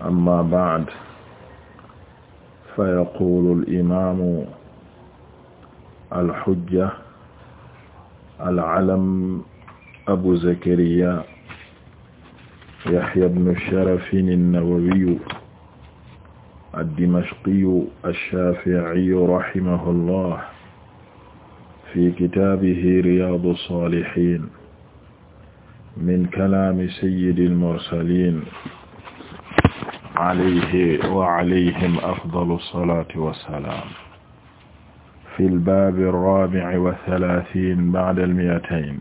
amma ba'd fa yaqulu al-imaamu al-hujja al-alam abu zakariya yahya ibnu sharafin an-nawawiyu ad-dimashqiyu ash-shaafi'iyu rahimahullah fi kitaabihi riyaadu as-saalihiin min kalaami sayyidil mursaliin alayhi wa alayhim afdalu salaati wa salaam. fil baabi raabi'i wa salaasiin ba'dal mi'atayn.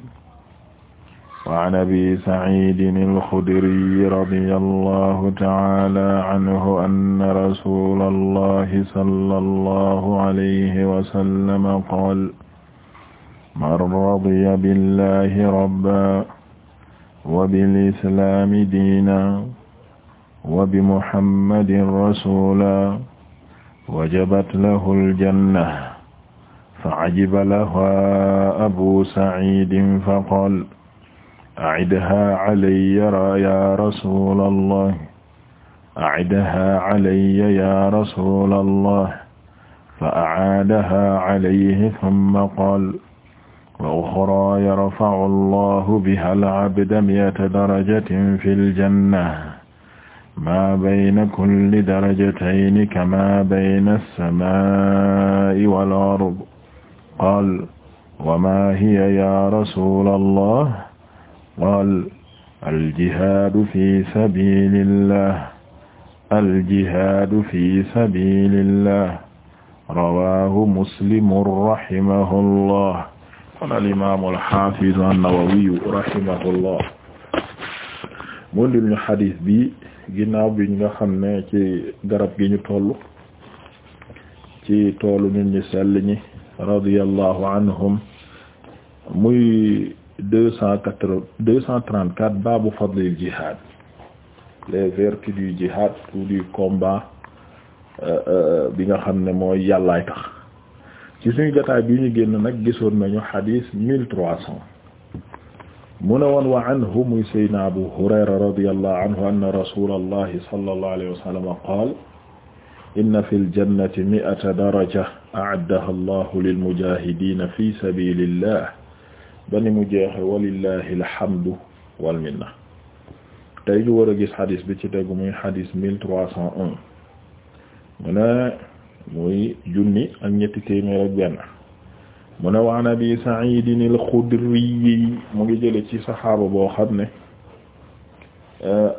wa an abi sa'iidin al-xudriyyi radiyallaahu ta'aalaa anhu anna rasuulallaahi sallallaahu alayhi wa sallam qaala man radiya billaahi rabban wa bil islaami diinan wa bi muhammadin rasula wajabat lahu aljanna facajiba laha abu sacidin faqal acidha calaya ya rasula allah acidha calaya ya rasula allah fa acaadaha calayhi summa qaal wa uxraa yarfacu allahu biha alcabda miyata darajatin fi aljanna maa bayna kulli darajatayni kamaa bayna as-samaa'i wal ard qaal wa maa hiya yaa rasuulallah qaal aljihaadu fi sabiilillah aljihaadu fi sabiilillah rawaahu muslimun rahimahullah qaala al-imaamu al-haafizu an-nawawiyu rahimahullah mu dil ñu hadiis bi ginnaaw bi ñu nga xam ne ci garab gi ñu toll ci toolu nit ñi sell ñi radiyallahu anhum muy deux cent quatre deux cent trente quatre baabu fadlil jihad les vertus du jihad ou du combat euh, euh, bi nga xam ne mooy yàllaay tax ci suñu gataay bi ñu génn nag gisoon nañu xadiis mille trois mu ne woon wa anhu muy saydna abu hurayra radiyallahu anhu anna rasulallahi sallallahu alayhi wa sallam qaal inna fi ljannati mi'ata daraja a'addaha allahu lilmujahidina fi sabilillah bani mu jeexe walillahi alhamdu walminna tey ju war a gis xadis bi ci tegu muy xadis mille trois cent un mu ne muy junni ak ñetti téeméer ak benn mu ne waan abi saidin alxudriyi mu ngi jële ci saxaaba boo xam ne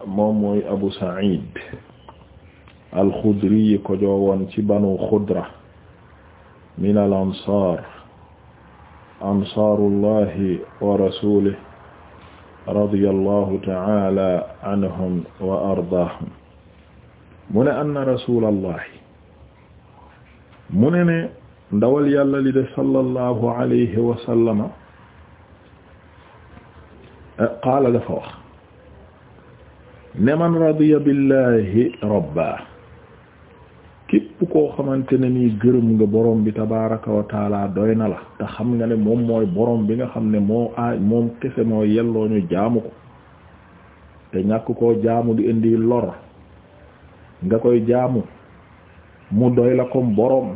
moom mooy abu said alxudriyi ko joowoon ci banu xudra min al ansar ansaarullahi wa rasulih radiyallahu taala anhum wa ardaahum mu ne anna rasulallahi mu ne ne ndawal yàlla li de sallallahu alayhi wa sallama eh, qaala dafa wax ne man radiya billahi rabba képp koo xamante ne nii gërëm nga borom bi tabaraka wa taala doy na la te xam nga ne moom mooy borom bi nga xam ne moo aay moom kese moo yelloo ñu jaamu ko te ñàkk koo jaamu di indi lor nga koy jaamu mu doy la comme borom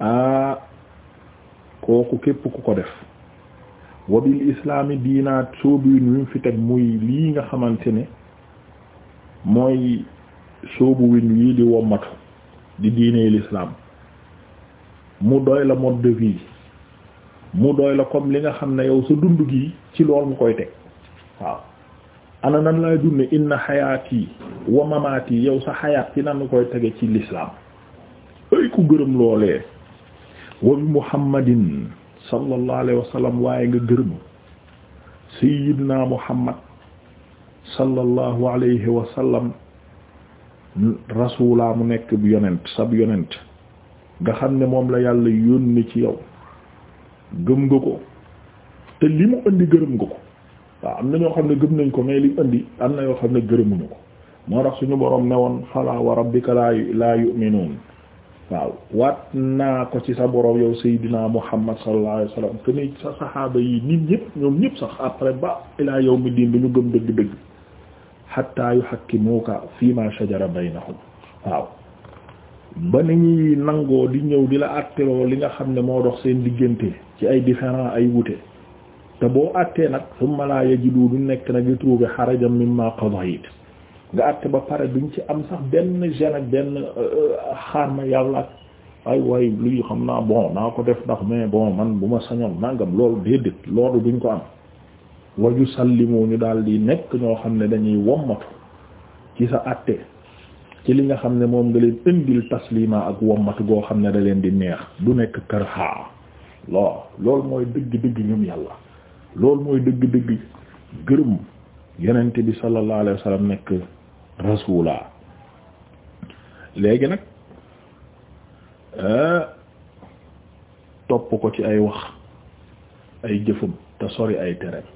ah kooku képp ku ko def wabil islaami diinaat soobu wi fi teg muy lii nga xamante ne mooy soobu win wii di wommatu di diiney l'islam mu doy la mode mu doy la comme li nga xam ne yow sa dund gi ci lool nga koy teg waaw ana nan laay dunde inna xayaat yi wa mamaat yi yow sa xayaat ci nan koy tege ci lislaam ay ku gërëm loolee wa bi muhammadin sallallahu alayhi wa sallam waaye nga gërëm sayyidina muhammad sallallahu alayhi wa sallam rasulaa mu nekk bu yonent sab yonent nga xam ne moom la yàlla yónni ci yow gëm nga ko te li mu indi gërëm nga ko waaw am na ñoo xam ne gëm nañ ko mais li mu indi am na yoo xam ne gërëmuñu ko moo tax suñu boroom ne woon fala wa rabbika la la yu'minun waaw waat naa ko ci sa boroom yow Seydina Muhammad sallallahu alayhi wasallam que ni sa saxaaba yi nit ñëpp ñoom ñëpp sax après ba ilaa yawmi diin dañu gëm dëgg-dëgg hatta yuhakkimuka fii ma shajara baynahum waaw ba nañuy nangoo di ñëw di la àtteloo li nga xam ne moo dox seen diggante ci ay différents ay wute te boo àttee nag summa la yajidu du nekk nag di trouver harajan mimma qadayt nga àtte ba pare duñ ci am sax benn gene ak benn euh, euh, xaar ma yàlla ay waay luy xam naa bon naa ko def ndax mais bon man bu ma sañoon nangam loolu déedéet loolu duñ ko am waju sallimu ñu daal di nekk ñoo xam ne dañuy wommatu ci sa àtte ci li nga xam ne moom nga leen indil taslima ak wommatu goo xam ne da leen di neex du nekk kër xaa lool loolu mooy dëgg-dëgg ñoom yàlla loolu mooy dëgg-dëgg gërëm yenente bi sallallahu alayhi wasallam nekk rasuula léegi nag euh, topp ko ci ay wax ay jëfam te sori ay tereem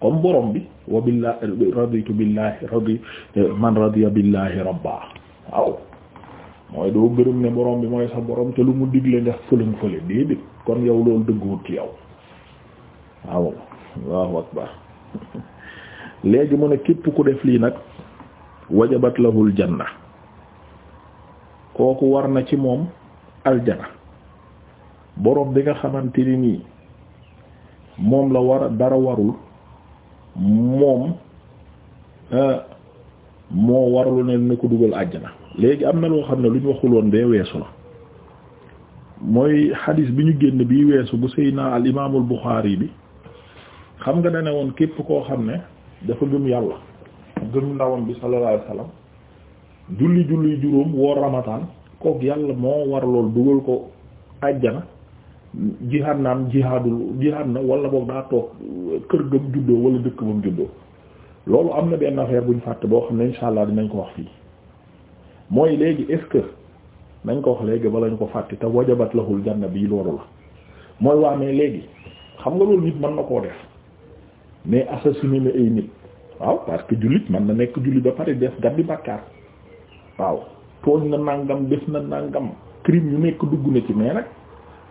comme borom bi wa billah raditu billahi radi man radiya billahi rabba waaw mooy doo gërëm ne borom bi mooy sa borom te lu mu digle nga fëlëng fële déedéet kon yow loolu dëgguwut ci yow waaw allahu akbar léegi mu ne képp ku def lii nag wajabat lahul janna kooku war na ci moom aljana boroom bi nga xamante ni nii moom la war dara warul moom euh, moo warlu ne na ko dugal àjjana léegi am na loo xam ne lu ñu waxuloon bee weesu la mooy xadiis bi ñu génn bii weesu bu Seydina al imaamul Buxaari bi xam nga dane woon képp koo xam ne dafa gëm yàlla gëm ndawam bi sallallahu alayhi wasallam julli julli juróom woor ramadan kook yàlla moo war lool dugal ko àjjana jihaad naam jihaadul jihaad na wala boog daa toog kër gëm juddoo wala dëkk bam juddoo loolu am na benn affaire buñ fàtte boo xam ne insha allah dinañ ko wax fii mooy léegi est-ce que nañ ko wax léegi bala ñu ko fàtte te wajabat lahul janna bii loolu la mooy waa léegi xam nga loolu nit mën na koo def mais assassiné ay nit waaw parce que jullit man na nekk jullit ba pare def gàddi bàkkaar waaw tooñ na nangam def na nangam crime yu nekk dugg na ci mais nag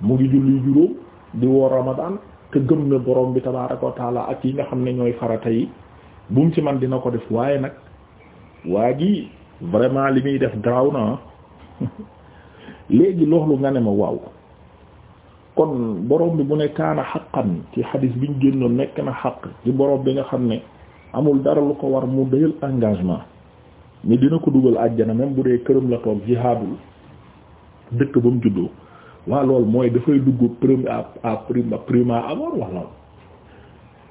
mu ngi julli juróom di woor Ramadan te gëm na boroom bi tabaaraka wa ak yi nga xam ne ñooy farata yi bu ci man dina ko def waaye nag waa gi vraiment li muy def garaaw na ah. léegi loolu nga ne ma waaw kon borom bi bu ne kaana xaqan ci xadis biñ génnoon nekk na xaq ci borom bi nga xam ne amul dara lu ko war mu dëyal engagement ni dina ko dugal àjjana même bu dee këram la toog jihaadul dëkk ba mu juddoo waa loolu mooy dafay dugg prime à prime la abord wala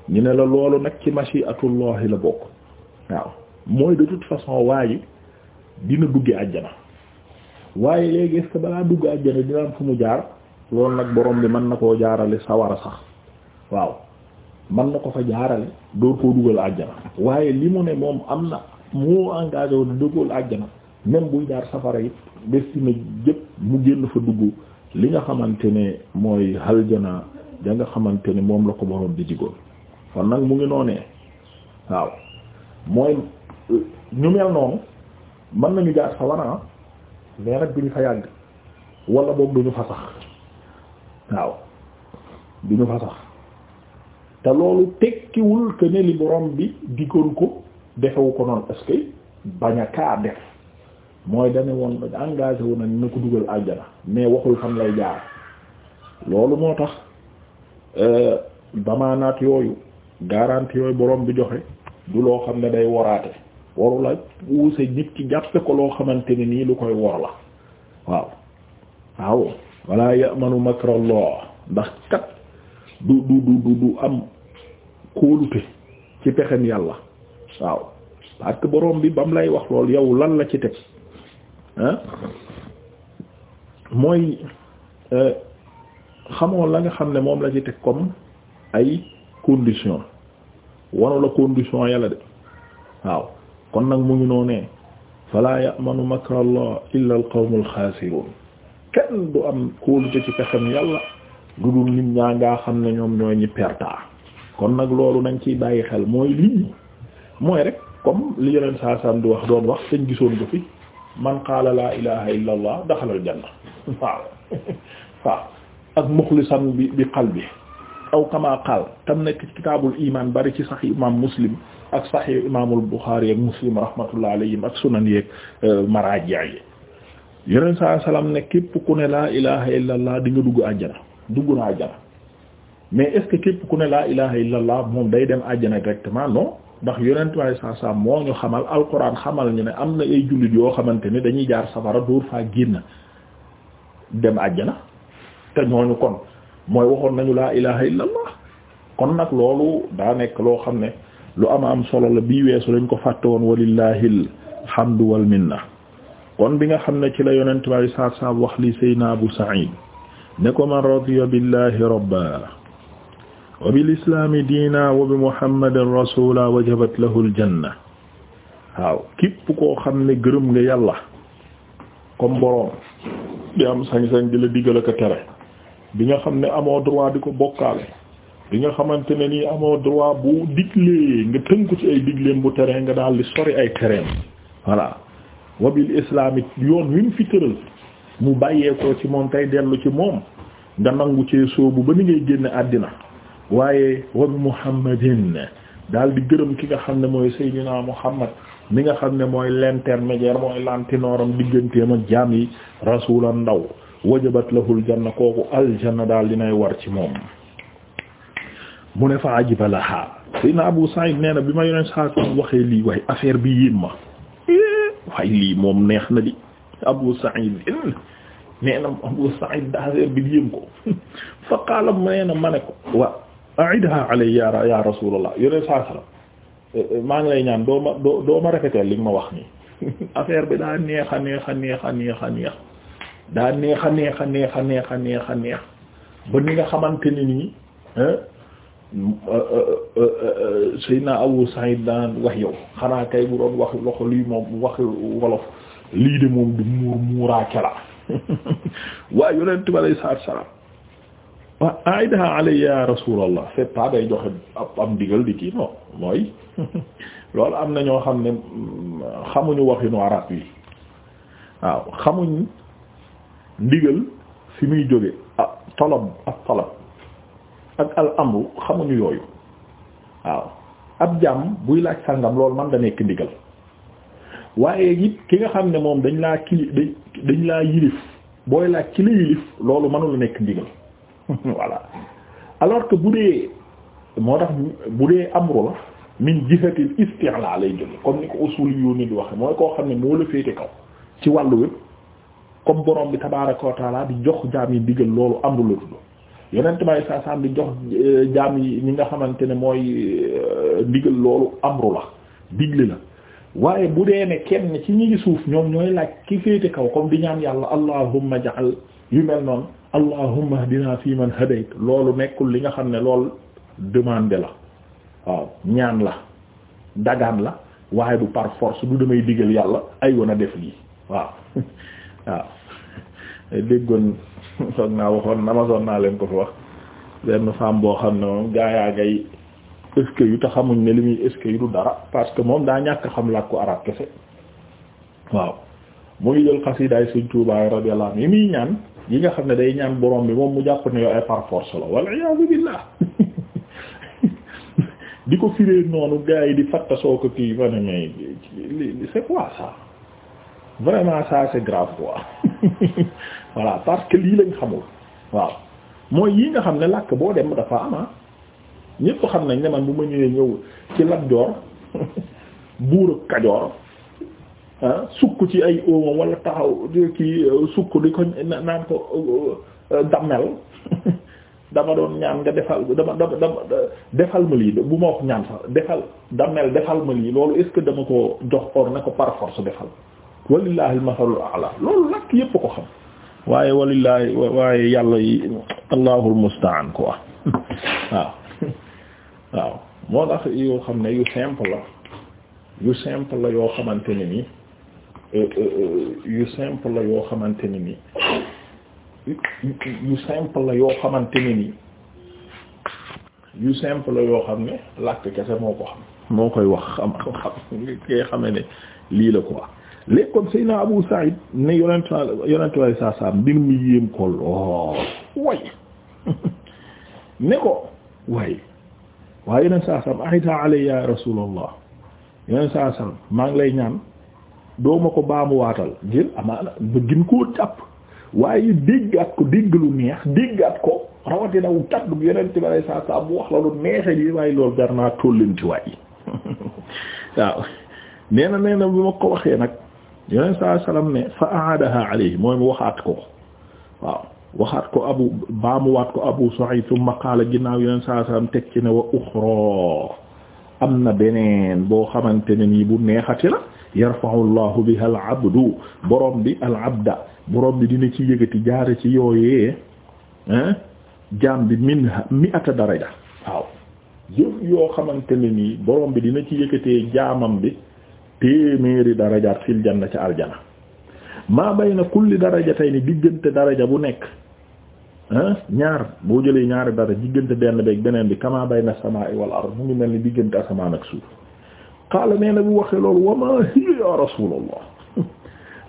ñu ne la loolu nag ci mashiatullahi la bokk waaw mooy de toute façon waaye dina dugge àjjana waaye léegi est balaa dugg àjjana dina am fu mu jaar loolu nag borom bi mën na koo jaarale sawara sax waaw man na ko fa jaarale door koo dugal àjjana waaye li mu ne moom am na mu engage wu dugal àjjana même buy jaar safara yi destiné jëpp mu génn fa dugg li nga xamante ne mooy aljana da nga xamante ne moom la ko boroom di digoon fan nag mu ngi noonee waaw mooy ñu mel noonu mën nañu jaar safara mais nag duñu fa yàgg wala boog duñu fa sax waaw duñu fa sax te loolu tekkiwul que ne borom bi diggoon ko defewu ko noonu parce que bañ a kaa def mooy dane woon engagé wu na na ko dugal aljana mais waxul xam lay jaar loolu moo tax damaanaat euh, yooyu garantie yooyu borom bi joxe du loo xam ne day woraate waru la wuuse nit ki jàppe ko loo xamante ne nii lu koy wor la waaw waaw wala ya'manu makrallah ndax kat du du du du am kóolute ci pexem yàlla waaw parce boroom bi ba mu lay wax lool yow lan la ci teg ah mooy euh, xamoo la nga xam ne moom la ci teg comme ay condition wanu la condition yàlla de waaw kon nag mu ngi noonee fala ya'manu makra allah illa al qawmul kenn du am kóolute ci pexem yàlla du dul nit ñaa ngaa xam ne ñoom ñooy ñi perta kon nag loolu nañ ci bàyyi xel mooy lii mooy rek comme li yeneen saa saa di wax doon wax dañ gisoon ko fi man qaala laa ilaha illa allah daxala al ak muxlisan bi bi qalbi aw kama qaal tam nekk ci kitaabul iman bari ci sax imam muslim ak sax imaamul buxaari ak muslim rahmatullah alayhim ak sunan yeeg euh, maraaji yi yeneen saa salaam ne képp ku ne laa ilaha illa allah di nga dugg àjjana dugg na àjjana mais est-ce que képp ku ne laa ilaha illallah moom day dem àjjana directement non ndax yonent waaye saa saa moo ñu xamal alquran xamal ñu ne am na ay jullit yoo xamante ne dañuy jaar safara dóor faa génn dem àjjana te ñooñu kon mooy waxoon nañu laa ilaha illallah kon nag loolu daa nekk loo xam ne lu am am solo la bii weesu lañ ko fàtte woon walillahil hamdu wal minna kon bi nga xam ne ci la yonent waaye saa saa wax li sayna Abu Sa'id wa bil islaami diina wa bi muhammadin rasula wajabat lahu aljanna waaw képp koo xam ne gërëm nga yàlla comme boroom di am sañ-sañ di la digal ak tere bi nga xam ne amoo droit di ko bokkaale bi nga xamante ne nii amoo droit bu diglee nga tënku ci ay digleem bu tere nga daal di sori ay tereem voilà wa bil yoon wi mu fi tëral mu bàyyeekoo ci moom tey dellu ci moom nga nangu cee soobu ba ni ngay génne àddina waaye wa bi muhammadin daal di gërëm ki nga xam ne mooy Seydina Muhammad mi nga xam ne mooy l'intermédiaire mooy lantinooram digganteem ak jaam yi rasulan ndaw wajabat lahul janna kooku aljanna daal dinay war ci moom mu ne fa ajiba laha Seydina Abu Sa'id nee bi ma yoneen saa waxee lii waaye affaire bi yéem ma waaye lii moom neex na di Abu Sa'id nee Abu Sa'id da affaire bi yéem ko fa qaala nee ma ne ko wa a'idha alayya ya rasulullah yoneen saa salaam maa ngi lay ñaan doo ma doo dooma ma rafetal ma wax nii affaire bi daa neex a neex a neex a neex a neex daa neex a neex a neex a neex a neex a neex ba ni nga xamante ni nii euh, euh, euh, Seydina Abu Saïd daan wax yow xanaa kay bu doon wax loxo lii moom wax wolof lii de moom du muur muuraa kela waaye yonent bi alayhi salaatu wa salaam wa aidaha alayya ya rasulallah c'est pas day joxe ab am digal di kii non mooy loolu am na ñoo xam ne xamuñu waxinu arab yi waaw xamuñ ndigal fi muy jóge ah tolob ak tolob ak al amru xamuñu yooyu waaw ab jàmm buy laaj sàngam loolu man da nekk ndigal waaye it ki nga xam ne moom dañ laa kili dañ laa yilif booy laaj ki la yilif loolu mënula nekk ndigal voilà alors que bu dee moo tax bu dee amru la min jihatil isti'la lay jóge comme ni ko usul yu ni di mooy koo xam ne moo la féete kaw ci wàllu wépp comme borom bi tabaaraka wa taala di jox jaam yi digal loolu amru la tudd yonent may di jox eh, jaam yi ñi nga xamante ne mooy eh, digal loolu amru la digle la waaye bu dee ne kenn ci ñi ngi suuf ñoom ñooy laaj ki féete kaw comme di ñaan yàlla allahumma ja'al yu mel noonu allahumma hdina fi man hadayt loolu nekkul li nga xam ne lool demande la waaw ñaan la dagaan la waaye du par force du damay digal yàlla ay woon a def lii waaw waaw déggoon soog naa waxoon amasoon naa leen ko fi wax benn femme boo xam ne moom gaa yaa ngay eskay yu te xamuñ ne li muy eskay yu du dara parce que moom daa ñàkk xam làkku arab kese waaw mu ngi jël xasiidaay Sëriñ Tuubaa radiyallahu anhu yi muy ñaan yi nga xam ne day ñaan borom bi moom mu jàpp ne yow ay par force la wal iyaazu billaah di ko firee noonu gars yi di fatta soo ko kii ma ne mais c'est quoi ça vraiment ça c'est grave quoi voilà parce que lii lañ xamul waaw mooy yi nga xam ne làkk boo dem dafa ama ah. ñépp xam nañ ne man bu ma ñëwee ñëw ci Lat Joor buur ak Kajoor Ah, sukk ci ay oomam wala taxaw kii euh, sukk di ko naan ko euh, euh, dammel dama doon ñaan nga defal dama dama dama defal ma lii bu ma wax ñaan sax defal dammel defal ma lii loolu est que dama ko jox or ne ko par force defal walillahi almasalul a'la loolu lakk yépp ko xam waaye walillahi waaye yàlla yi allahul musta'an quoi waaw waaw moo tax yoo xam ne yu simple la yu simple la yoo xamante ne nii Euh, euh, yu simple la yoo xamante ne ni yu simple la yoo xamante ne ni yu simple yoo xam ne làkk kese moo ko koy wax xam xam kay xame lii la quoi léegi kon Seydina Abu Saïd ne yonent yonent way saa saa mbir yéem ko lool way ne ko way waaye yonent saa saa ahita alay ya Rasulallah yonent saa saa maa ngi lay ñaan doo ko baamuwaatal ngir amaana ba gin koo jàpp waaye déggaat ko dégg lu neex déggaat ko rawatina wu kaddu yeneen ci ba lay saa saa bu wax la lu neexee di waaye waaw nee na nee na bi ma ko waxee nag yeneen saa salaam ne fa aadaha alayhi mooy mu waxaat ko waaw waxaat ko abu baamuwaat ko abu Sa'id thumma qaala ginnaaw yeneen saa salaam teg ci ne wa uxra am na beneen boo xamante ne nii bu neexati la. yarfa'u llahu biha al abdu borom bi al abda borom bi dina ci yëgati jaar ci yooyee jaam bi minha mi'ata daraja waaw jëf yoo xamante ne nii borom bi dina ci yëkkatee jaamam bi téeméeri darajaat fil janna ca aljana maa bayna kulli darajatayni diggante daraja bu nekk ñaar boo jëlee ñaari daraja diggante benn beeg beneen bi kama bayna samaa'i wal ard mu ngi mel ni diggante asamaan ak suuf qaala nee na bu waxee loolu wa maa hiya ya rasulallah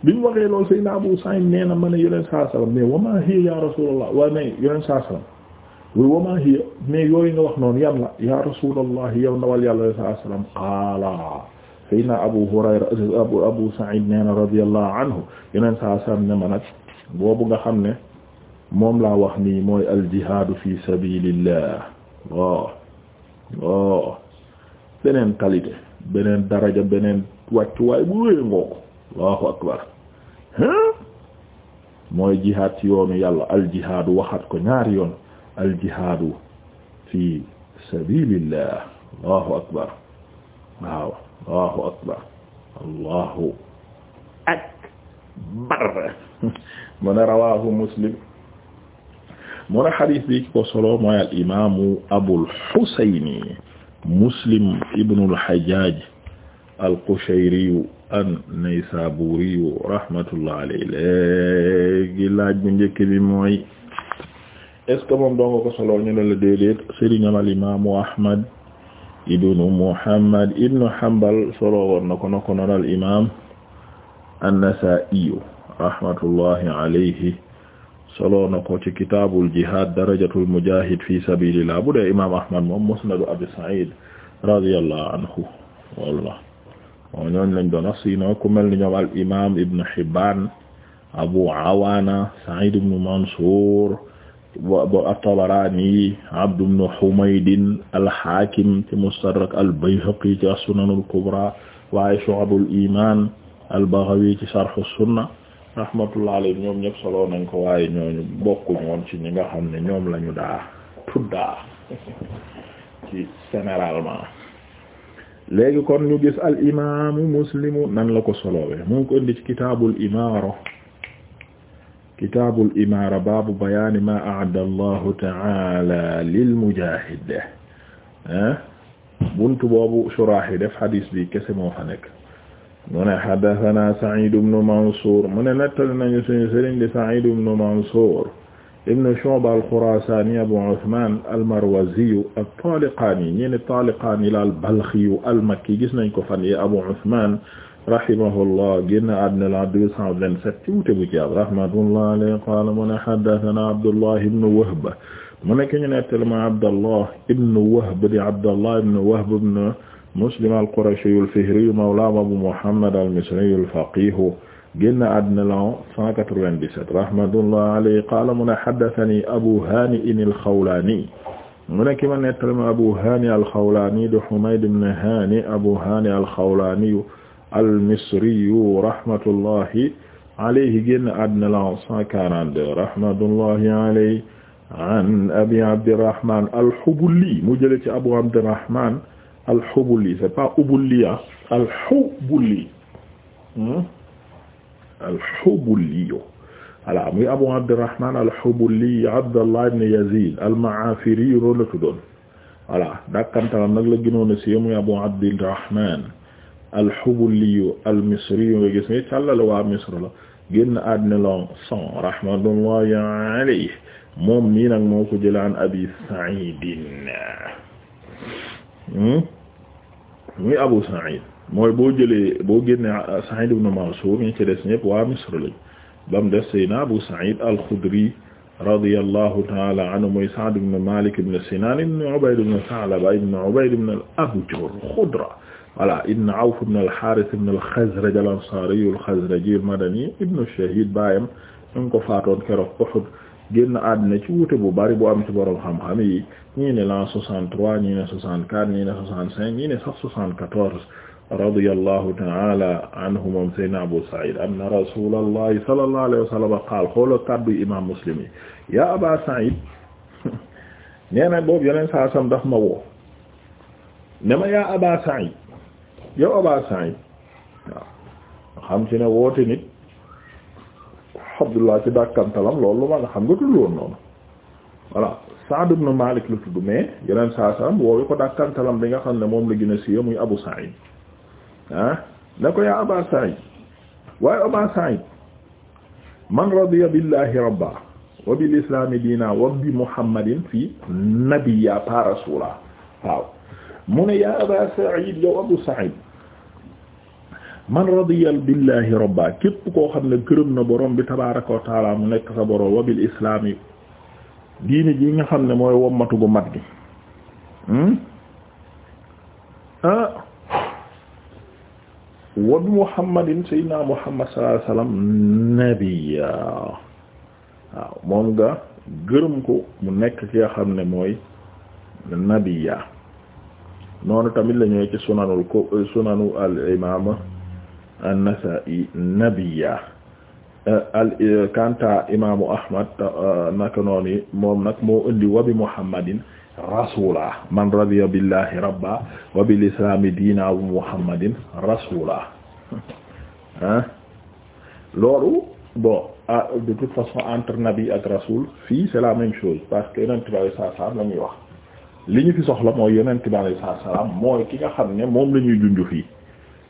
bi mu waxee loolu Seydina Abu Sa'id nee na ma ne yoneen saa salaam mais wa maa hiya ya rasulallah waaye mais yoneen saa salaam oui wa maa hiya mais yooyu nga wax noonu yan la ya rasulallah yow ndawal yàlla yoneen saa salaam qaala Seydina Abu Hurayra Abu Abu Sa'id nee na radiyallahu anhu yoneen saa salaam ne ma nag boobu nga xam ne moom laa wax nii mooy al jihaadu fi sabilillah waaw waaw beneen qualité. beneen daraja beneen wàccuwaay bu wéyee ngoo ko allahu akbar mooy jihaad ci yoonu yàlla al waxat ko ñaari yoon al jihaadu fi sabilillah akbar waaw akbar allahu akbar mu ne muslim mu ne xadiis ko solo mooy al imaamu abul xuseyni muslim ibnul hajjaj al-Qushayriyu an-Naysaburiyu rahmatullah alayhi léegi laaj bu njëkk bi mooy est-ce que moom doonga ko solo ñu ne la déedéet sëriñam al imaamu Ahmad ibnu Muhammad ibnu Hanbal solo woon na ko na ko noon al imaam an-Nasaa'iyu rahmatullahi alayhi solo na ko ci kitaabul jihaad darajatul mujaahid fi sabiilillah bu dee imaam Ahmad moom musnadu Abi Sa'iid radiyallahu anhu walla moom ñooñ lañ doon wax siinoo ku mel ni ñoom al imaam Ibn Hibbaan Abu Awaana Sa'iid ibn Mansuur wa at-Tabaraani Abd ibn Humayd al-Haakim ci Mustadrak al-Bayhaqi ci as-Sunan al-Kubraa waaye Shu'ab al-Iimaan al-Baghawi ci Sharh as-Sunnah rahmatullah alayhi ñoom ñëpp solo nañ ko waaye ñooñu bokkuñ woon ci ñi nga xam ne ñoom lañu daa tuddaa ci généralement léegi kon ñu gis al imaamu muslimu nan la ko solowee mu ngi ko indi ci kitaabul imaara kitaabul imaara baabu bayaani ma a'adda allahu ta'ala lil mujaahid eh? buntu boobu shuraax def xadiis bi kese moo fa nekk mu ne haddathana Sa'id ibn Mansur mu ne nettali nañu suñu sëriñ di Sa'id ibn Mansur ibn Shu'ba al-Khurasani Abu Uthman al-Marwazi at-Taliqani ñi ne Taliqani la al-Balkhi al-Makki gis nañ ko fan yi Abu Uthman rahimahullah génn àddina la 227 ci wute bu ci ab rahmatullah alayhi qala mu ne haddathana Abdullah ibn Wahb mu ne ki ñu nettali ma Abdullah ibn Wahb di Abdullah ibn Wahb ibn muslim al-qurashi al-fihri mawlaahum abu muhammad al-misri al-faqih génn àddina la 197 rahmatullah alayhi qaala mu ne haddathani abu hani al-khawlani mu ne ki ma nettali ma abu hani al-khawlani di humayd ibn hani abu hani al-khawlani al-misri rahmatullahi alayhi génn àddina la 142 rahmatullahi alayhi an abi abdirrahman al-hubuli mu jële ci abu abdirrahman al-Hubuli c'est pas Ubuli ah al-Hubuli hmm? al-Hubuli voilà muy Abu Abdurrahman al-Hubuli Abdallah ibn Yazid al-Ma'afiri loolu la tuddoon voilà dakkantalam nag la gënoon a siiw muy Abu Abdurrahman al-Hubuli al-Misri nga gis ne càllale waa Misr la génn àddina la son rahmatullahi alayhi moom nii nag moo ko jëlaan Abi Sa'id Hmm? muy Abu Sa'id mooy boo jëlee boo génnee Sa'id ibn Mansur ñi ci des ñëpp waa Misr lañ ba mu def Seydina Abu Sa'id al-Khudri radiyallahu ta'ala anhu muy Sa'd ibn Malik ibn Sinan ibn Ubayd ibn Sa'laba ibn Ubayd ibn al-Abjar Khudra voilà ibn Awf ibn al-Harith ibn al-Khazraj al-Ansari al-Khazraji al-Madani ibn Shahid baayam ñu ngi ko faatoon keroog Uhud génn àddina ci wuute bu bari bu am ci borom xam-xam yi ñii ne l'an 63 ñii ne 64 ñii ne 65 ñii ne sax 74 ta'ala anhu moom sayyidina Abu Sa'id anna rasulallahi sallallahu alayhi wa sallam qaal xoola kaddu Muslim yi ya Aba Sa'id nee na yeneen saa sam daf ma woo ne ma ya Aba Sa'id yow Aba Sa'id xam ci ne woote nit Abdullah ci dàkkantalam loolu ma nga xam nga tudd woon noonu voilà Sa'd ibn Malik la tudd mais yeneen saa salaam woowe ko dàkkantalam bi nga xam ne moom la gën a siiw muy Abu Sa'id ah ne ko yaa Aba Sa'id waaye Aba Sa'id man radiya billahi rabba wa bil islami diina wa bi muhammadin fi nabiyya pa rasula waaw mu ne yaa Aba Sa'id yow Abu Sa'id man radiyal billahi rabba képp koo xam ne gërëm na borom bi tabaaraka wa taala mu nekk sa borom wa bil islaam diini ji nga xam ne mooy wommatu gu mat gi hmm? ah. waaw moom nga gërëm ko mu nekk ki nga xam ne mooy nabiyya noonu tamit la ñëwee ci sunanul ko sunanu al imaam an-Nasaa'i nabiyya kanta euh, euh, imaamu Ahmad euh, naka moom nag moo indi wa bi Muhammadin rasula man radiya billahi rabba wa bil islami diina wa Muhammadin rasula ah loolu bon ah de façon entre nabi ak rasul fii c'est la même chose parce que yonent bi alayhi salaatu wax li ñu fi soxla mooy yonent bi alayhi mooy ki nga xam ne moom la ñuy junj fii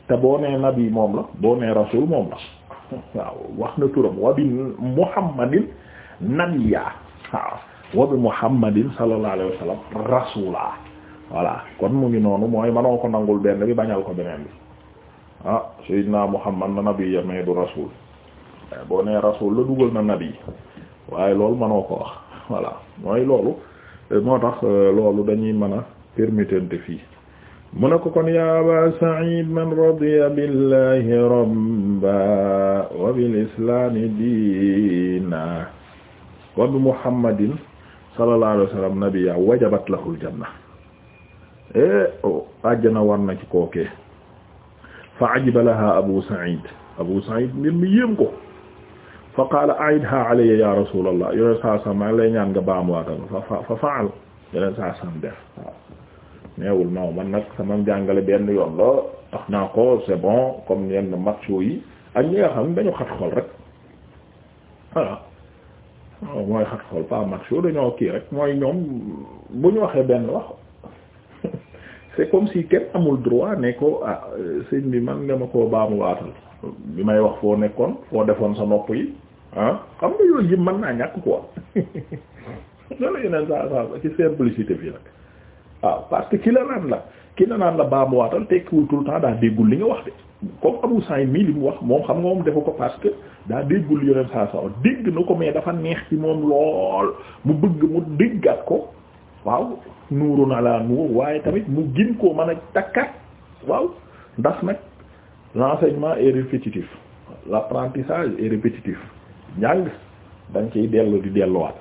te boo nee nabi moom la boo nee rasul moom la waaw wax na turam wa muhammadin nabiya waaw wa bi muhammadin sallallahu alayhi wa sallam rasula kon mu ngi noonu mooy manoo ko nangul benn bi bañal ko beneen bi ah sayyidina muhammad na nabiya mais du rasul eh, boo nee rasul la dugal na nabi waaye loolu manoo ko wax voilà mooy loolu eh, moo tax eh, loolu dañuy mën a permittente fii mu ne ko kon ya aba said man radiya billahi rabba wa bil islami diina wa bi muhammadin sallallahu alayhi wa sallam nabiyya wajabat lahul janna e àjjana war na ci kookee fa ajiba laha abu said abu said mbir mi yéem ko fa qaala aidha alayya ya rasulullah yeneen saa sam maa ngi lay ñaan nga baamuwaatal fa fa faal yeneen saa sam def waaw neewul non man nag sama jàngale benn yoon la tax naa ko c'est bon comme yenn matcho yi ak ñi xam ne dañu xat xol rek voilà mooy xat xol pas matcho dañoo kii rek mooy ñoom bu ñu waxee benn wax c'est comme si kenn amul droit ne ko ah, sëñ bi man nga ma koo baamuwaatal bi may wax foo nekkoon foo defoon sa nopp yi ah xam nga yooyu yëpp mën naa ñàkk quoi loolu yeneen saa saa ci simplicité bi nag waaw parce que ki la naan la ki la naan la baamuwaatal tekkiwul tout temps daa déggul li nga wax de comme Abu Sa'id mii li mu wax moom xam nga moom defu ko parce que daa déggul yoneen saa saa dégg na ko mais dafa neex ci moom lool mu bëgg mu déggaat ko waaw nuuru na laa nuur waaye tamit mu gin koo mën a takkat waaw ndax nag l'enseignement est répétitif l'apprentissage est répétitif njàng dañ ciy dellu di delluwaat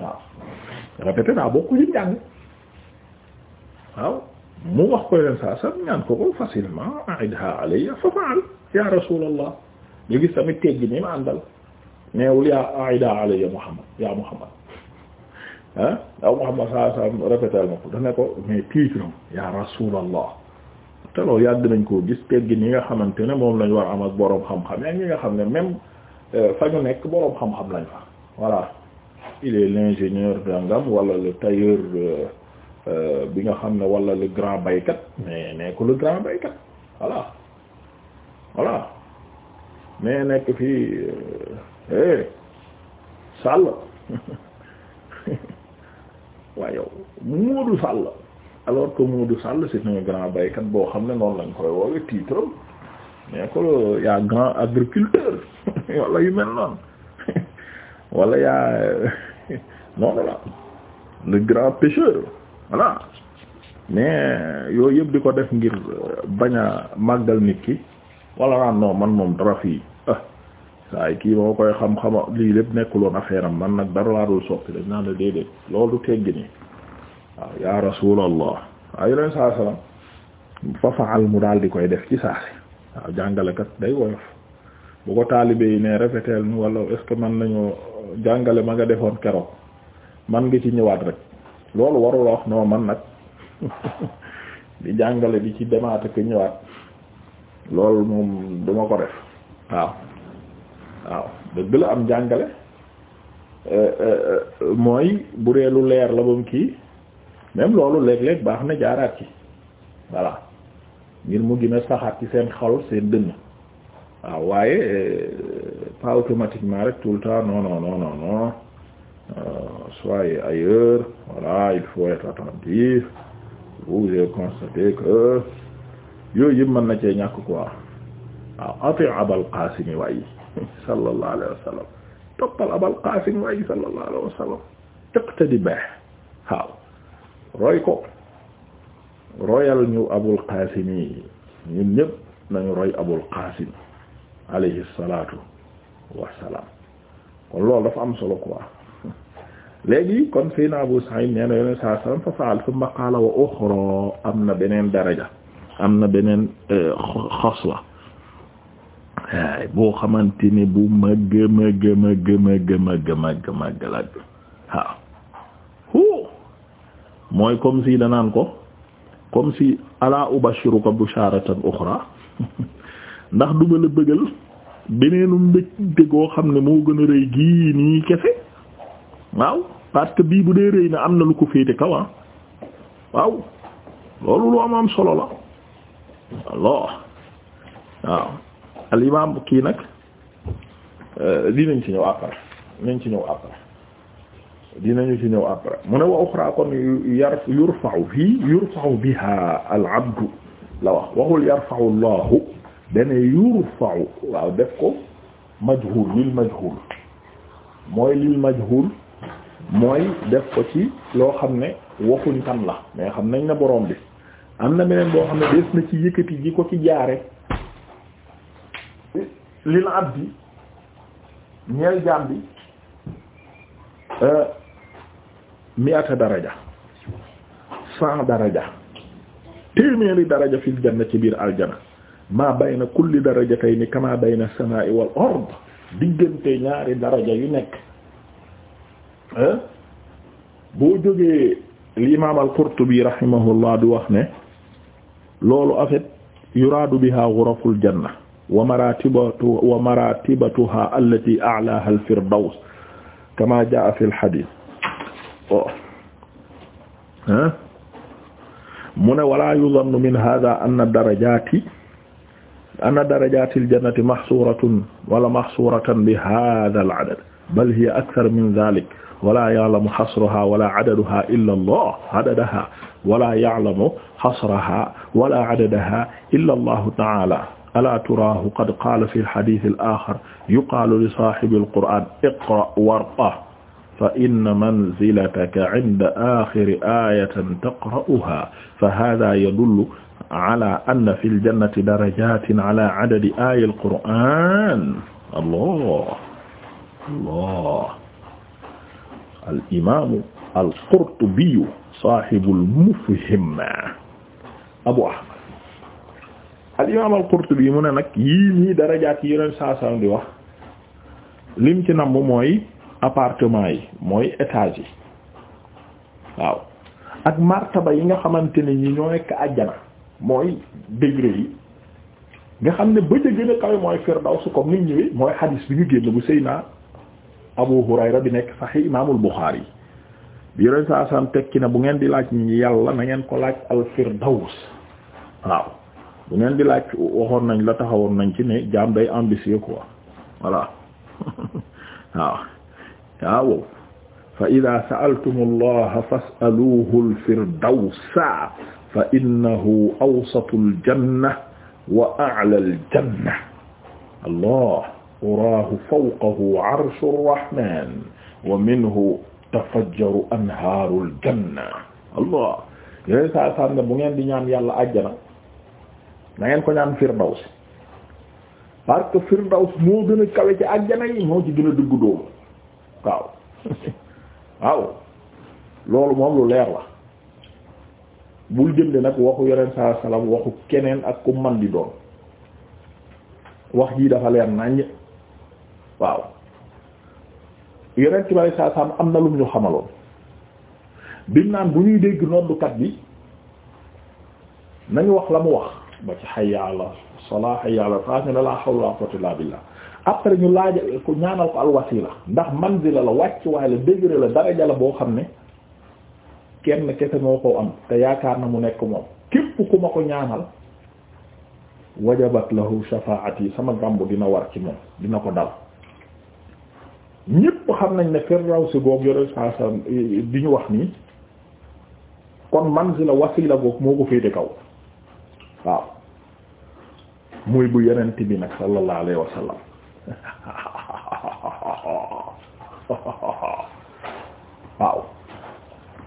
waaw répété njàng waaw mu wax ko leen saa sam ñaan ko ko facilement aidha alayya fa faal ya rasulallah ñu gis tamit teggi ni ma àndal neewul yaa aida alayya muhammad yaa muhammad ah aw muhammad saa sam répétél ma ko dane ya rasulallah te loolu yàgg nañ koo gis teggin yi nga xamante ne moom lañu war am ak boroom xam-xam ak ñi nga xam ne même euh, fa ñu nekk boroom xam-xam lañ fa voilà il est l'ingénieur d'angam wala le tailleur Euh, bi nga xam ne wala le grand baykat mais nee le grand baykat voilà voilà mais nekk fii euh, eh, sàll waaye yow du sàll alors que Moodu Sall c'est un grand baykat boo xam ne noonu lañ koy woowe titre mais ko euh, yaa grand agriculteur wala yu mel noonu wala yaa noonu la le grand pêcheur voilà mais yooyu yëpp di ko def ngir euh, bañ màggal nit ki wala naan non man moom dara fii ah kii moo koy xam-xama lii lépp nekkuloon affaire am man nag dara laa dul soppi dañ naan la déedéet loolu teggi ni waaw ya rasulallah waaw yo leen saa sallam fa mu daal di koy def ci saasi waaw jàngalekat day woyof bu ko taalibe yi ne répéteel ñu wala est man nañu jàngale ma nga defoon keroog man nga ci ñëwaat rek loolu warul wax non man nag di jàngale di ci demaat ak ñëwaat loolu moom duma ko def waaw waaw dëgg la am jàngale eh, eh, eh, mooy bureelu leer la bam kii même loolu léeg-léeg baax na jaaraat ci voilà ngir mu gën saxaat ci seen xol seen dënn waaw waaye pas automatiquement rek tout le temps non non Euh, soyez ailleurs voilà il faut être attentif vous que yooyu yëpp mën na cee ñàkk quoi waaw ah, ati abal qasim waay sallallahu alayhi wa sallam toppal abal qasim waay sallallahu alayhi wa sallam taqtadi roy ko royal ñu abul qasim yi ñun ñëpp nañu roy abul qasim alayhi salatu wa kon loolu dafa am solo quoi léegi kon Seydina Abu Sa'id nee na yoneen saa sallam fa faal thumma wa uxra am na beneen daraja am na beneen eh, xaswa waay boo xamante ne bu màgg màgg màgg màgg màgg màgg màgg laj hu mooy comme si danaan ko comme si ala ubashiruka busharatan uxra ndax duma la bëggal beneenum mbégte goo xam ne moo gën a rëy gii nii kese waaw parce bii bu dee rëy na am na lu ko féete kaw ah waaw loolu lu am am solo la alors waaw al imam kii nag euh, dinañ ci ñëw après dinañ ci ñëw après dinañu ci ñëw après mu ne wa uxra kon yar yurfa'u fii yurfa'u biha al abdu la wax waxul yarfa'u allahu dane yurfa'u waaw def ko majhul lil majhul mooy lil majhul mooy def ko ci loo xam ne waxuñ kan la mais xam nañ na boroom bi am na meneen boo xam ne des na ci yëkkati ji ko ci jaare lil abdi ñeel jaam bi euh, mi ata daraja cent daraja téeméeri daraja fil janna ci biir aljana maa bayna kulli darajatayni kama bayna samaa'i wal ard diggante ñaari daraja yu nekk boo jógee li imaam al-Qurtubi rahimahullah di wax ne loolu en fait yuraadu biha ghuraful janna wa maratibatu wa maratibatuha allati a'laha al-firdaws kama jaa fi al-hadith oh ah mu ne wala yuzannu min hadha anna darajati anna darajati al-jannati mahsuratun wala mahsuratan bi hadha al-adad bal hiya akthar min dhalik wala ya'lamu hasraha wala adadaha illa allah adadaha wala ya'lamu hasraha wala adadaha illa allah ta'ala ala turahu qad qala fi al-hadith al-akhar yuqalu li sahibi al-qur'an iqra warqa fa inna manzilataka 'inda akhiri ayatin taqra'uha fa hadha yadullu ala anna fi al-jannati darajatin ala adadi ayati al-qur'an allah allah al imaamu al qurtubiyu saaxibul mufhim abu ahmad al imaam al qurtubi mu ne nag yii nii darajaat yi yeneen saa saa di wax lim ci namb mooy appartement yi mooy étage yi waaw ak martaba yi nga xamante ni ñi ñoo nekk àjjana mooy degré yi nga xam ne ba gën a kawe mooy firdaws comme ni ñëwee mooy xadiis bi ñu génn bu sëy Abu Hurayra bi nekk Sahih Imaamul Bukhari bi yore saa saam tekki na bu ngeen di laaj yàlla na ngeen ko laaj al firdaws waaw ngeen di laaj waxoon nañ la taxawoon nañ ci ne jaam day ambitieux quoi voilà waaw waaw fa ida sa'altum allaha fas'aluhu al firdawsa fa innahu awsatu wa a'la allah uraahu fawqahu arshu rrahman wa minhu tafajjaru anhaarul janna allah yooyu saa saa ne bu ngeen di ñaan yàlla àjjana na ngeen ko ñaan firdaws parce que moo gën a kawe ci àjjana yi moo ci gën a dugg dóomu waaw waaw loolu moom lu leer la bul jënd nag waxu yoneen saa salaam waxu keneen ak ku man di doon wax jii dafa leer naññ waaw yeneen tubaab yi saa saam am na lu ñu xamaloon bim naan bu ñuy dégg noddukat bi nañu wax la mu wax ba ci hayya ala salaa hayya la fa ñu ne laa hawla wala quwwata illa billah après ñu laaj ko ñaanal ko alwasila ndax manzila la wàcc waaye la degré la daraja la boo xam ne kenn kese moo ko am te yaakaar na mu nekk moom képp ku ma ko ñaanal wajabat lahu shafaati sama gàmbu dina war ci moom dina ko dal ñépp xam nañ ne firdawsi goog yore saa saa bi ñu wax nii kon manzila wasila goog moo ko féete kaw waaw muy bu yonent bi nag sallallahu alayhi wa sallam waaw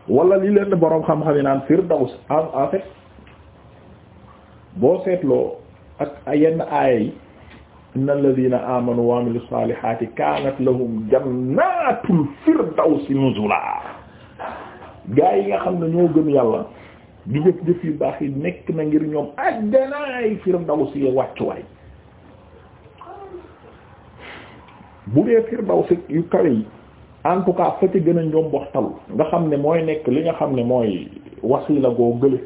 wala li leen boroom xam-xam yi naan firdaws en boo seetloo ak yenn aaya yi inna alladhina amanu wa amilu salihati kanat lahum jannatul firdawsi nuzula gaa yi nga xam ne ñoo gëm yàlla di jëf jëf yu baax yi nekk na ngir ñoom ajjanaay firdawsi ya wàccuwaay bu dee firdawsi yu kawe yi fa ci gën a njomboxtal nga xam ne mooy nekk li nga xam ne mooy wasila goo gële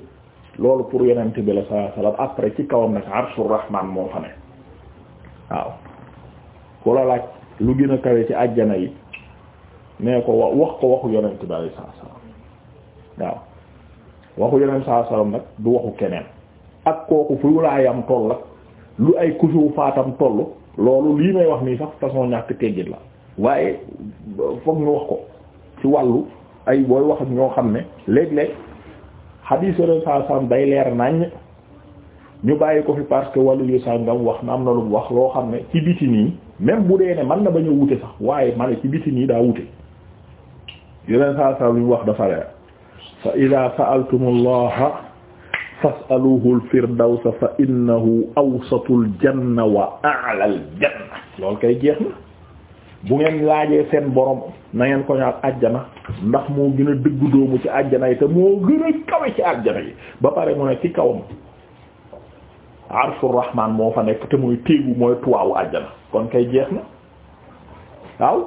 loolu pour yonent bi la sallallahu alayhi après ci kawam nag arshur rahman moo fa waaw ku la laaj lu gën a kawe ci àjjana yi nee ko wax ko waxu yonent bi alayhi salaam saa salaam nag du waxu keneen ak kooku fu wulaayam toll ak lu ay kusu faatam toll loolu lii may wax nii sax façon ñàkk teggit la waaye foog ñu wax ko ci wàllu ay booy wax ñoo xam ne léeg-léeg xadiis yonent saa salaam day leer naññ ñu bàyyi ko fi parce que wàllu yu sàngam wax na am na lu mu wax loo xam ne ci biti nii même bu dee ne mën na bañ a wute sax waaye ma ne ci biti nii daa wute yeneen saa saa lu mu wax dafa leer fa ida sa'altum allaha fas'aluhu al-firdawsa fa innahu awsatul janna wa a'lal janna loolu kay jeex na bu ngeen laajee seen borom na ngeen ko ñaan àjjana ndax moo gën a dëgg doomu ci àjjana yi te moo gën a kawe ci àjjana yi ba pare mu ne ci kawam arshur rahman moo fa nekk te mooy téegu mooy tuwaawu àjjana kon kay jeex na waaw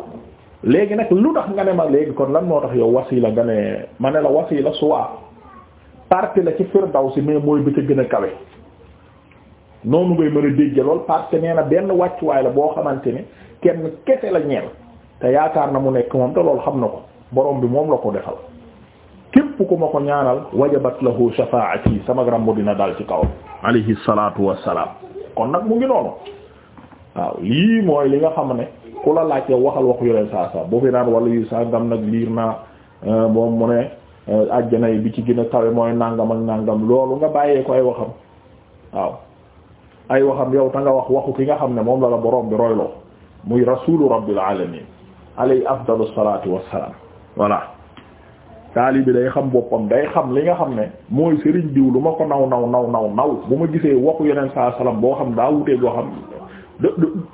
léegi nag lu tax nga ne ma léegi kon lan moo tax yow wasila nga ne ma ne la wasila suwaa partie la ci firdawsi mais mooy bi ca gën a kawe noonu ngay mën a dégge lool parce nee na benn wàccuwaay la boo xamante ne kenn kese la ñeel te yaakaar na mu nekk moom te loolu xam na ko borom bi moom la ko defal képp ku ma ko ñaanal wajabat lahu shafaati sama gram dina daal ci kawam alayhi salaatu wassalaam kon nag mu ngi noonu waaw lii mooy li nga xam ne ku la laaj yow waxal waxu yore saa saa boo fi naan wala yu saa ngam nag liir naa euh, moom mu ne euh, àjjana yi bi ci gën a kawe mooy nangam ak nangam loolu nga bàyyee ko ay waxam waaw ay waxam yow ta nga wax waxu ki nga xam ne moom la la borom bi royloo muy rasuulu rabbil alamin alayhi afdalu salaatu wassalaam bi day xam boppam day xam li nga xam ne mooy sëriñ diw lu ma ko naw naw naw naw naw bu ma gisee wokk yeneen saa salaam boo xam daa wutee boo xam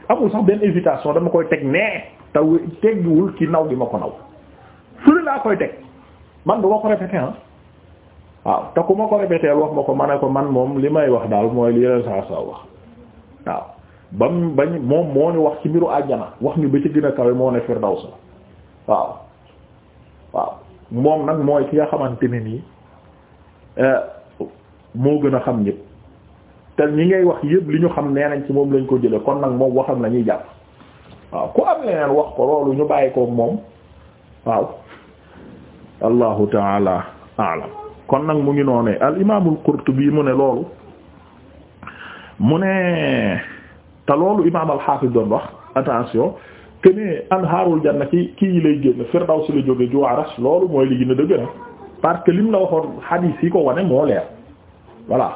amul sax benn invitation dama koy teg nee taw teggiwul ci naw gi ma ko naw su ne laa koy teg man du ma ko répété ah waaw te ku ma ko répété wax ma ko ma ko man moom li may wax daal mooy li yeneen saa saa wax waaw bam bañ moom moo ni wax ci mbiru àjjana wax ñu ba ci gën a kawe moo ne firdaws la waaw waaw moom nag mooy ki nga xamante ne nii euh, moo gën a xam ñëpp te ñi ngay wax yëpp li ñu xam nee nañ ci moom lañ ko jëlee kon nag moom waxam la ñuy jàpp waaw ku am leneen wax ko loolu ñu bàyyi koog moom waaw allahu taala aalam kon nag mu ngi noonee al imaamul Qurtubi mu ne loolu mu ne te loolu imaam al Hafiz doon wax attention que ne anhaarul janna ci kii lay génn firdaws la jóge juwaaras loolu mooy li gën a dëgg nag parce que lim la waxoon xadiis yi ko wane moo leer voilà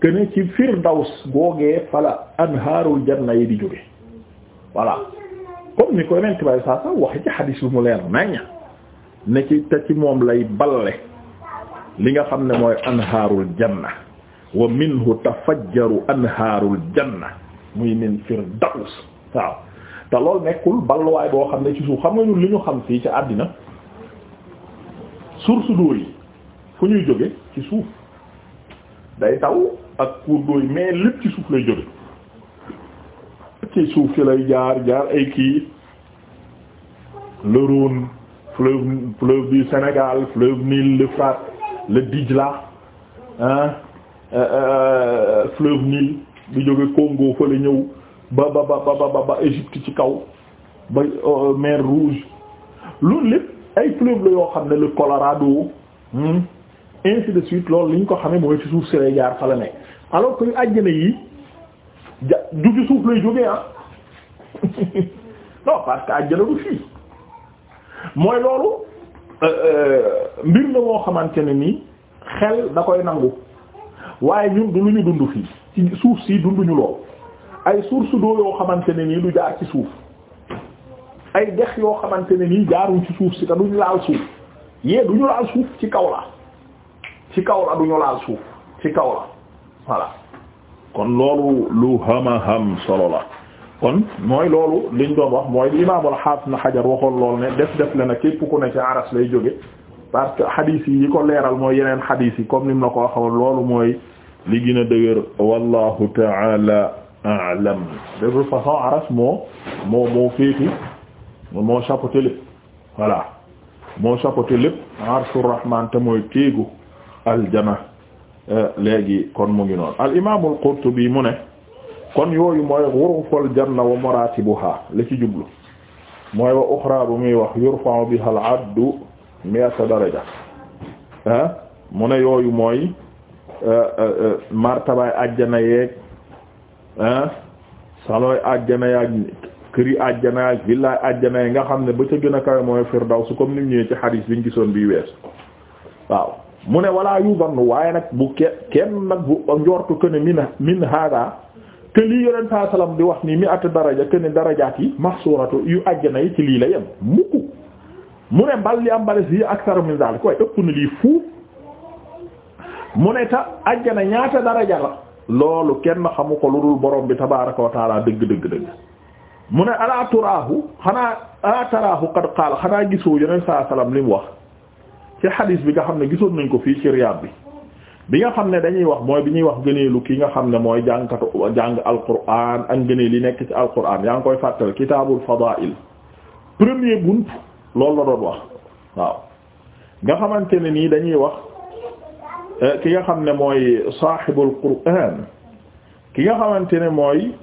que ne ci firdaws googee fala anhaarul janna yi di jóge voilà comme ni koy nent bay saa sa ci xadiis bi mu leer nañña ne ci te ci moom lay balle li nga xam ne mooy anhaarul janna wa minhu tafajjaru anhaarul janna muy min firdaws waaw te lool nekkul balluwaay boo xam ne ci suuf xam nga ñun li ñu xam fii ci àddina source d'eau yi fu ñuy jóge ci suuf day taw ak cours d'eau yi lépp ci suuf lay jóge ci suuf ci lay jaar jaar ay kii le Rhône fleuve fleuve du Sénégal fleuve Nil l'Euphrate le Dijla hein euh, euh, euh, fleuve Nil di jóge Congo fa la ñëw ba ba ba ba ba Égypte ci kaw ba euh, mer Rouge loolu lépp ay fleuve la yoo xam ne le Colorado hmm, ainsi de suite loolu li ñu ko xamee mooy ci suuf si lay jaar fa la nekk alors que yu yi ja du ci suuf lay jógee ah non parce que du fii mooy loolu euh, euh, mbir la moo xamante ne nii xel da koy nangu waaye ñun du lu ñu dund fii suuf si dunduñu lool. ay source d'eau yoo xamante ne nii du jaar ci suuf ay dex yoo xamante ne nii jaaruñ ci suuf si te duñu laal suuf yee duñu laal suuf ci kaw la ci kaw la duñu laal suuf ci kaw la voilà kon loolu lu hama ham solo la kon mooy loolu liñ doon wax mooy imaam al-Hafiz na Hajar waxoon loolu ne def def le na képp ku ne ci aras lay jóge parce que xadiis yi yi ko leeral mooy yeneen xadiis yi comme ni mu la ko waxoon loolu mooy li gën a dëgër wallahu ta'ala a'lam de moo moo moo moo chapeauté lépp voilà moo chapeauté lépp arsu rahman te mooy kéegu aljana euh, léegi kon mu ngi noonu al imaam al qurtubi mu ne kon yooyu mooy ghuruful janna wa maratibuha la ci jublu mooy wa uxra bu muy wax yurfa'u biha al abdu mi'ata daraja mu ne yooyu mooy euh, euh, martabaay ajjana yeeg salooy àjjana yaag këri àjjana yaag villaay àjjana yi nga xam ne ba ca gën a kawe mooy firdaws comme nim ñëwee ci xadiis biñ gisoon bii weesu waaw mu ne walaa yu vann waaye nag bu ke kenn nag bu njortu que ne min min hada te lii yoneen saa salam di wax nii mi at daraja que ne darajaat yi mahsuratu yu àjjana yi ci lii la yem mukk mu ne bal li am bale si aktaru min dalik waaye ëpp na lii fuuf mu ne ta àjjana ñaata daraja la loolu kenn xamu ko lu dul borom bi tabaaraka wa taala dëgg dëgg dëgg mu ne alaa turaahu xanaa alaa taraahu qad xanaa gisoo yeneen saa salaam li mu wax ci xadiis bi nga xam ne gisoon nañ ko fii ci Riyaad bi bi nga xam ne dañuy wax mooy bi ñuy wax gëneelu ki nga xam ne mooy jàngkatu jàng alquran ak gëneel yi nekk ci alquran yaa ngi koy fàttal kitaabul fadaa'il premier bunt loolu la doon wax waaw nga xamante ne nii dañuy wax Euh, ki nga xam ne mooy saaxibul qur'aan ki nga xamante ne mooy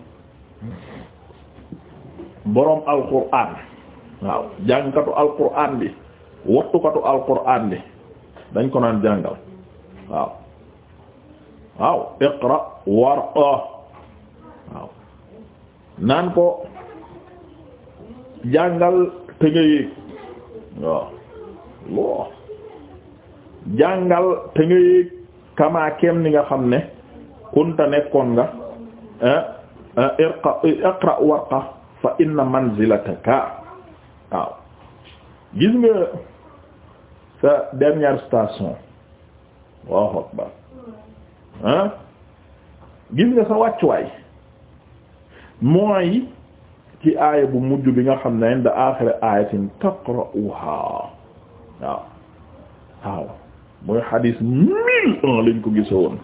boroom alqur'aan waaw jàngkatu alqur'aan bi wattukatu alqur'aan bi dañ ko naan jàngal waaw waaw iqra wara waaw naan ko jàngal te nga yéeg waaw jàngal te nga yéeg ni nga xam ne a nekkoon nga eh, eh, iqra warqa fa inna manzilataka waaw gis nga sa dernière station Allahu akbar gis nga sa wàccuwaay mooy ci aaya bu mujj bi nga xam ne inda aaxiri aayatin taqra'uha waaw waaw mooy xadis mille un lañ ko gisa woon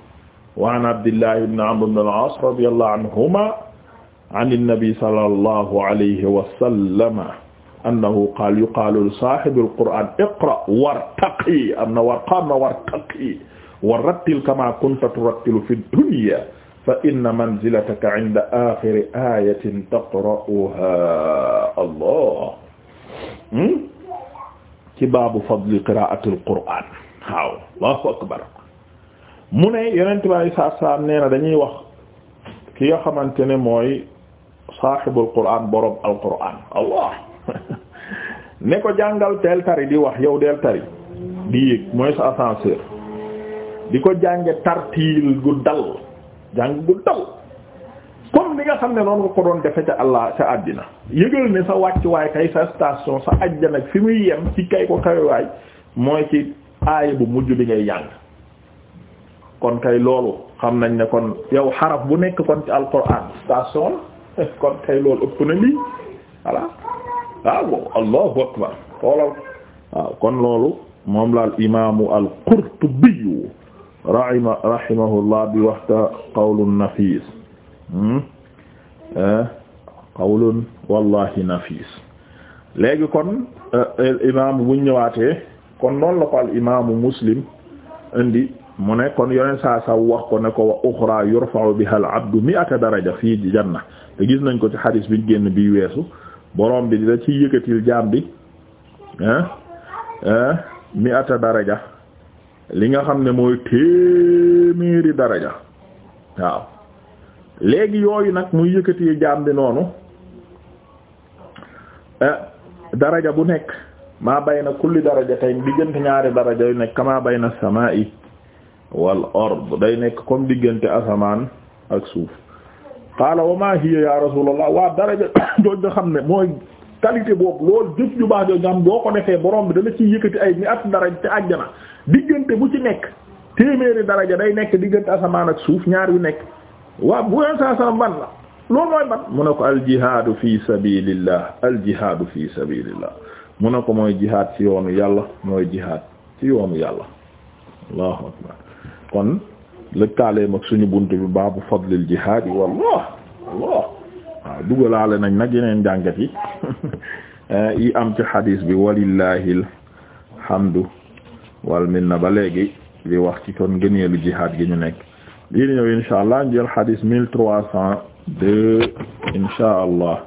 wa an abdillah ibn amr ibn al-aas radiyallahu anhuma an an-nabi sallallahu alayhi wa sallama annahu qaala yuqaalu li saahibi al-qur'aan iqra wartaqi am na warqa am na wartaqi wa rattil kamaa kunta turattilu fi dunya fa inna manzilataka inda aaxiri aayatin taqra'uhaa Allah hmm? ci baabu fadli qiraa'atil qur'aan waaw Allahu akbar mu ne yonent bi saa saa nee na dañuy wax ki nga xamante ne mooy saaxibul quraan borom al quraan allah ne ko jàngal teel di wax yow deel tari di yéeg mooy sa ascenseur di ko jànge tartiil gu dal jàng gu dal comme li nga xam ne noonu ko doon defe ca allah ca àddina yëgal ne sa wàcc waay kay sa station sa ajjana fi muy yem ci kay ko kawe mooy ci aaya bu mujj bi ngay jàng kon kay loolu xam nañ ne kon yow xaraf bu nekk kon ci alquran station la kon kay loolu ëpp na lii voilà waaw allahu akbar xoolal kon loolu moom la al imaamu al qurtubi rahima rahimahullah bi waxta qawlun nafiis hmm? eh? qawlun wallahi nafiis léegi kon eh, eh, imaam bu ñëwaatee kon noonu la ko al imaamu muslim indi mu ne kon yoneen saa sa wax ko ne ko wa uxra yurfa'u biha al abdu mi'ata daraja fii janna te gis nañ ko ci xadis ñu génn bi weesu borom bi dina ci yëkkatil jaam bi mi'ata daraja li nga xam ne mooy téeméeri daraja waaw léegi yooyu nag muy yëkkatil jaam bi noonu eh, daraja bu nekk maa bayna kulli darajatayn diggante ñaari daraja yu nekk kamaa bayna samaa'i wal ard day nekk comme diggante asamaan ak suuf qaala wa maa hiya ya rasulallah waa daraja jooj nga xam ne mooy qualité boobu loolu jëf ju baax jooj nga xam boo ko defee borom bi dana ciy yëkkati ay mi at daraja te àjjana diggante bu ci nekk téeméeri daraja day nekk diggante asamaan ak suuf ñaar yu nekk waa bu yoon saa saa ban la loolu mooy ban mu ne ko al jihaadu fi sabilillah al jihaadu fi sabilillah mu ne ko mooy jihaad ci yoonu yàlla mooy jihaad ci yoonu yàlla allahu akbar kon lëkkaaleem ak suñu bunt bi baabu fadlil jihaad yi wallah allah waaw dugalaale nañ nag yeneen jàngat yi am ci xadiis bi walillahil hamdu wal minna ba léegi li wax ci kon ngëneelu jihaad gi ñu nekk lii di ñëw insha allah njël xadiis mille trois cent deux insha allah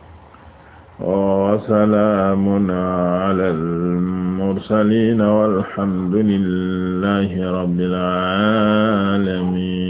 wasalaamun alal mursaliin walhamdu lillahi rabbil aalamiin